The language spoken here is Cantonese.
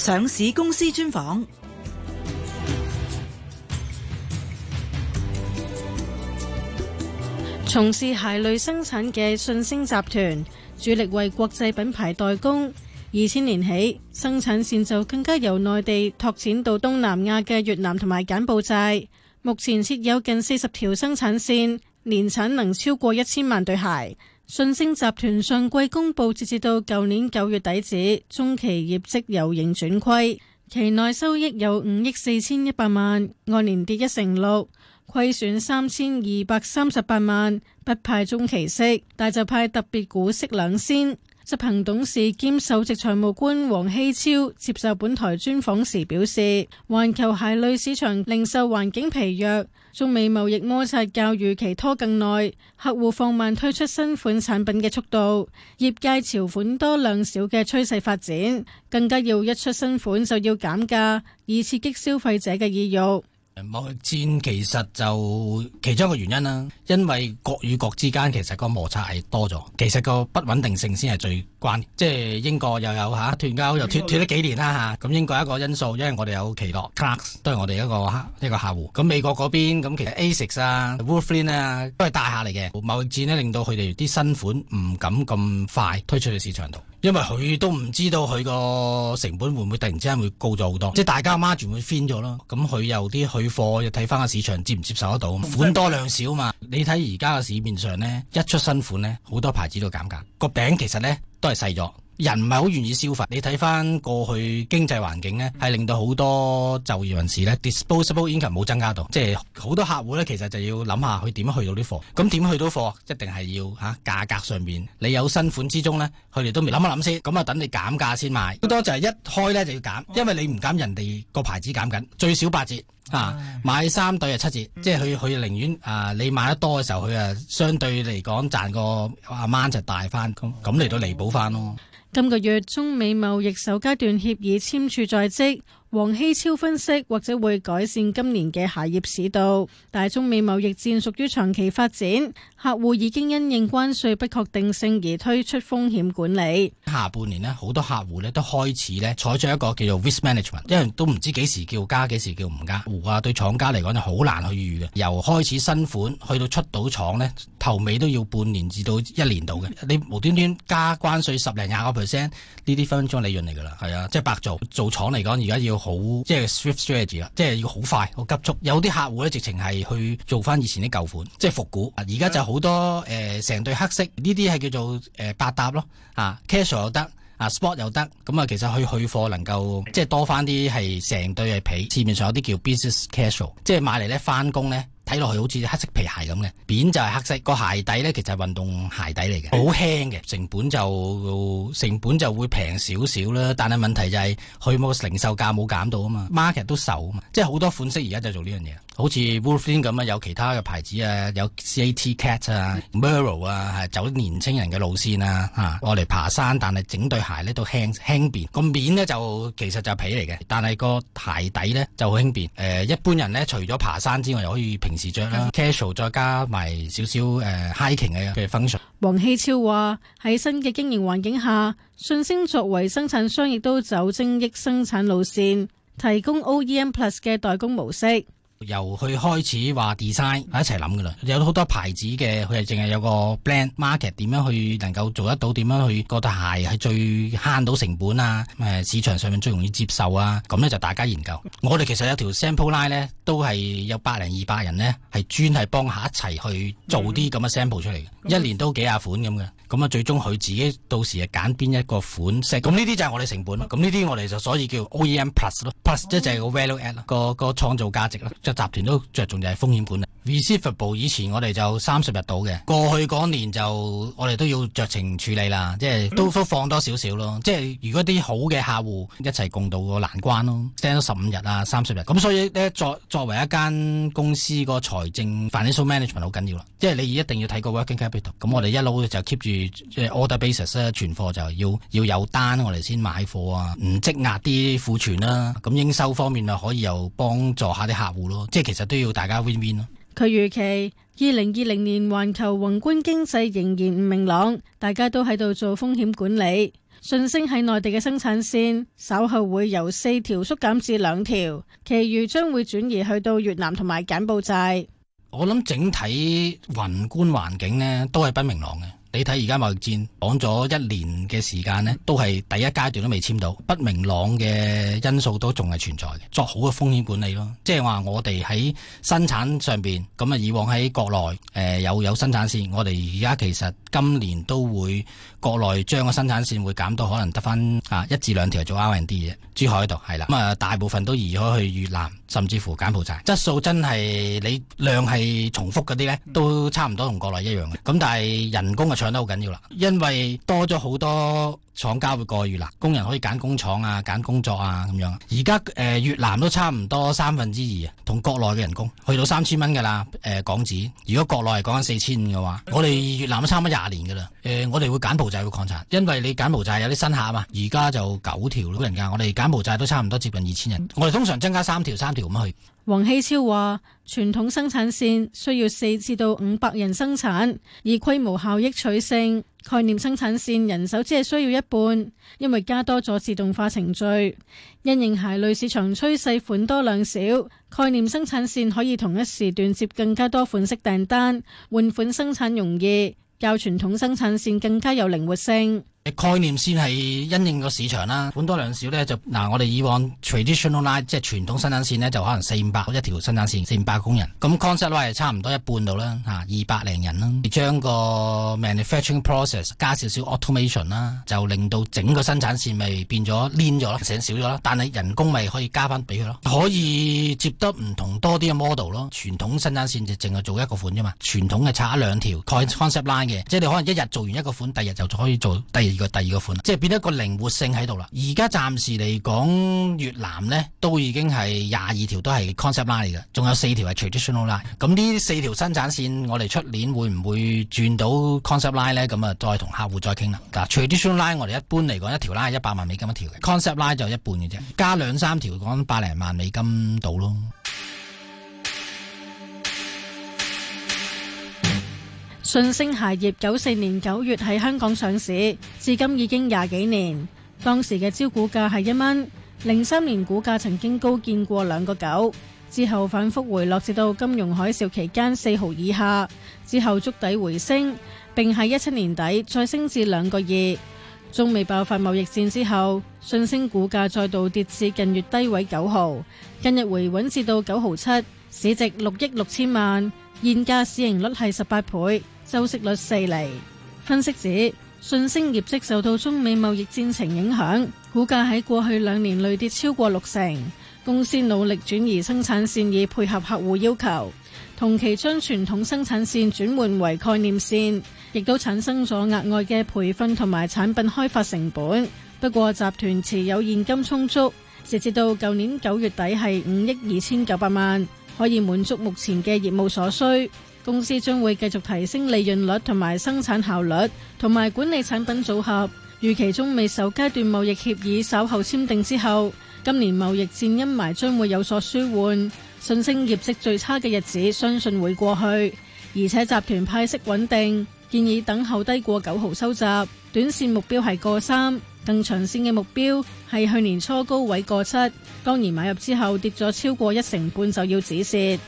上市公司專訪，從事鞋類生產嘅信星集團，主力為國際品牌代工。二千年起，生產線就更加由內地拓展到東南亞嘅越南同埋柬埔寨，目前設有近四十條生產線，年產能超過一千萬對鞋。信星集團上季公佈，截至到舊年九月底止，中期業績由盈轉虧，期內收益有五億四千一百萬，按年跌一成六，虧損三千二百三十八萬，不派中期息，但就派特別股息兩仙。執行董事兼首席財務官黃禧超接受本台專訪時表示：環球鞋類市場零售環境疲弱，中美貿易摩擦較預期拖更耐，客戶放慢推出新款產品嘅速度，業界潮款多量少嘅趨勢發展，更加要一出新款就要減價，以刺激消費者嘅意欲。貿易戰其實就其中一個原因啦，因為國與國之間其實個摩擦係多咗，其實個不穩定性先係最關。即係英國又有吓斷、啊、交，又脱脱咗幾年啦吓。咁、啊、英國一個因素，因為我哋有奇諾 Clarks 都係我哋一個一、這個客戶。咁美國嗰邊，咁其實 Asics 啊、Wolverine 啊都係大客嚟嘅，貿易戰呢令到佢哋啲新款唔敢咁快推出去市場度。因為佢都唔知道佢個成本會唔會突然之間會高咗好多，即係大家 margin 會偏咗咯。咁佢有啲去貨，又睇翻個市場接唔接受得到，款多量少嘛。你睇而家嘅市面上咧，一出新款咧，好多牌子都減價，個餅其實咧都係細咗。人唔係好願意消費，你睇翻過去經濟環境呢係令到好多就業人士呢 disposable income 冇增加到，即係好多客戶呢，其實就要諗下佢點樣去到啲貨，咁點去到貨,樣去到貨一定係要吓、啊、價格上面。你有新款之中呢，佢哋都未諗一諗先，咁啊等你減價先買，好多就係一開呢，就要減，因為你唔減人哋個牌子減緊，最少八折。啊！買三對啊七折，即係佢佢寧願啊，你買得多嘅時候，佢啊相對嚟講賺個阿 m 就大翻咁，咁嚟到彌補翻咯。今個月中美貿易首階段協議簽署在即。黃禧超分析，或者會改善今年嘅鞋業市道。大中美貿易戰屬於長期發展，客戶已經因應關稅不確定性而推出風險管理。下半年咧，好多客戶都開始咧採取一個叫做 risk management，因為都唔知幾時叫加，幾時叫唔加。客戶啊，對廠家嚟講就好難去預嘅。由開始新款去到出到廠咧，頭尾都要半年至到一年到嘅。你無端端加關稅十零廿個 percent，呢啲分分鐘利潤嚟噶啦，係啊，即係白做。做廠嚟講，而家要。好即係 swift strategy 啦，即係要好快好急速。有啲客戶咧，直情係去做翻以前啲舊款，即係復古。而家就好多誒成、呃、對黑色呢啲係叫做誒、呃、百搭咯啊，casual 又得啊，sport 又得。咁啊、嗯，其實去去貨能夠即係多翻啲係成對係皮。市面上有啲叫 business casual，即係買嚟咧翻工咧。睇落去好似黑色皮鞋咁嘅，扁就係黑色，個鞋底咧其實係運動鞋底嚟嘅，好輕嘅，成本就成本就會平少少啦。但係問題就係佢冇零售價冇減到啊嘛，market 都瘦啊嘛，即係好多款式而家就做呢樣嘢。好似 Wolfen 咁啊，有其他嘅牌子啊，有 C A T Cat 啊、Merrell 啊，係走年輕人嘅路線啊。吓，我嚟爬山，但係整對鞋咧都輕輕便個面咧就其實就皮嚟嘅，但係個鞋底咧就好輕便。誒，一般人咧除咗爬山之外，又可以平時着啦、嗯、，casual 再加埋少少誒、呃、，hiking 嘅 function。黃禧超話喺新嘅經營環境下，信星作為生產商亦都走精益生產路線，提供 O E M Plus 嘅代工模式。由佢開始話 design 一齊諗噶啦，有好多牌子嘅，佢係淨係有個 brand market，點樣去能夠做得到？點樣去覺得鞋係最慳到成本啊？誒，市場上面最容易接受啊？咁咧就大家研究。我哋其實有條 sample line，咧，都係有百零二百人咧，係專係幫下一齊去做啲咁嘅 sample 出嚟，嗯、一年都幾下款咁嘅。咁啊，最終佢自己到時係揀邊一個款式，咁呢啲就係我哋成本咯。咁呢啲我哋就所以叫 OEM plus 咯，plus 即係個 value add 咯，個個創造價值咯，即集團都著重就係風險管啊。receivable 以前我哋就三十日到嘅，過去嗰年就我哋都要酌情處理啦，即係都都放多少少咯。即係如果啲好嘅客戶一齊共度個難關咯，stand 多十五日啊，三十日。咁所以咧作作為一間公司個財政 financial management 好緊要啦，即係你一定要睇個 working capital。咁我哋一路就 keep 住即係 order basis 咧存貨就要要有單我哋先買貨啊，唔積壓啲庫存啦。咁應收方面啊，可以又幫助下啲客戶咯。即係其實都要大家 win win 咯。佢預期二零二零年環球宏觀經濟仍然唔明朗，大家都喺度做風險管理。信星喺內地嘅生產線稍後會由四條縮減至兩條，其餘將會轉移去到越南同埋柬埔寨。我諗整體宏觀環境咧都係不明朗嘅。你睇而家貿易戰講咗一年嘅時間呢，都係第一階段都未簽到，不明朗嘅因素都仲係存在嘅，作好嘅風險管理咯。即係話我哋喺生產上面，咁啊以往喺國內誒、呃、有有生產線，我哋而家其實今年都會。國內將個生產線會減到可能得返啊一至兩條做 R&D 嘅珠海度係啦。咁啊、嗯、大部分都移開去越南，甚至乎柬埔寨。質素真係你量係重複嗰啲呢，都差唔多同國內一樣嘅。咁但係人工啊搶得好緊要啦，因為多咗好多。廠家會過越南，工人可以揀工廠啊、揀工作啊咁樣。而家、呃、越南都差唔多三分之二啊，同國內嘅人工去到三千蚊㗎啦，港紙。如果國內講緊四千五嘅話，我哋越南都差唔多廿年㗎啦、呃。我哋會柬埔寨去擴產，因為你柬埔寨有啲新客啊嘛。而家就九條老人家，我哋柬埔寨都差唔多接近二千人。我哋通常增加三條三條咁去。黃禧超話：傳統生產線需要四至到五百人生產，以規模效益取勝。概念生產線人手只係需要一半，因為加多咗自動化程序。因應鞋類市場趨勢款多量少，概念生產線可以同一時段接更加多款式訂單，換款生產容易，較傳統生產線更加有靈活性。概念先係因應個市場啦，款多量少咧就嗱、啊，我哋以往 traditional line 即係傳統生產線咧，就可能四五百一條生產線，四五百工人。咁 concept line 係差唔多一半度啦，嚇二百零人啦。將個 manufacturing process 加少少 automation 啦，就令到整個生產線咪變咗攣咗啦，人少咗啦，但係人工咪可以加翻俾佢咯，可以接得唔同多啲嘅 model 咯。傳統生產線就淨係做一個款啫嘛，傳統嘅拆咗兩條 concept line 嘅，即係你可能一日做完一個款，第二日就可以做第二。第二個款，即係變咗個靈活性喺度啦。而家暫時嚟講，越南呢都已經係廿二條都係 concept line 嚟嘅，仲有四條係 traditional line。咁呢四條生產線，我哋出年會唔會轉到 concept line 呢？咁啊，再同客戶再傾啦。嗱，traditional line 我哋一般嚟講，一條拉係一百萬美金一條嘅，concept line 就一半嘅啫，加兩三條講百零萬美金到咯。信星鞋業九四年九月喺香港上市，至今已經廿幾年。當時嘅招股價係一蚊，零三年股價曾經高見過兩個九，之後反復回落至到金融海嘯期間四毫以下，之後築底回升，並喺一七年底再升至兩個二。中美爆發貿易戰之後，信星股價再度跌至近月低位九毫，近日回穩至到九毫七，市值六億六千萬。現價市盈率係十八倍，周息率四厘。分析指信星業績受到中美貿易戰情影響，股價喺過去兩年累跌超過六成。公司努力轉移生產線以配合客戶要求，同期將傳統生產線轉換為概念線，亦都產生咗額外嘅培訓同埋產品開發成本。不過集團持有現金充足，直至到舊年九月底係五億二千九百萬。可以滿足目前嘅業務所需。公司將會繼續提升利潤率同埋生產效率，同埋管理產品組合。預期中美首階段貿易協議稍後簽訂之後，今年貿易戰陰霾將會有所舒緩，信星業績最差嘅日子相信會過去。而且集團派息穩定，建議等候低過九毫收集，短線目標係過三。更長線嘅目標係去年初高位過七，當然買入之後跌咗超過一成半就要止蝕。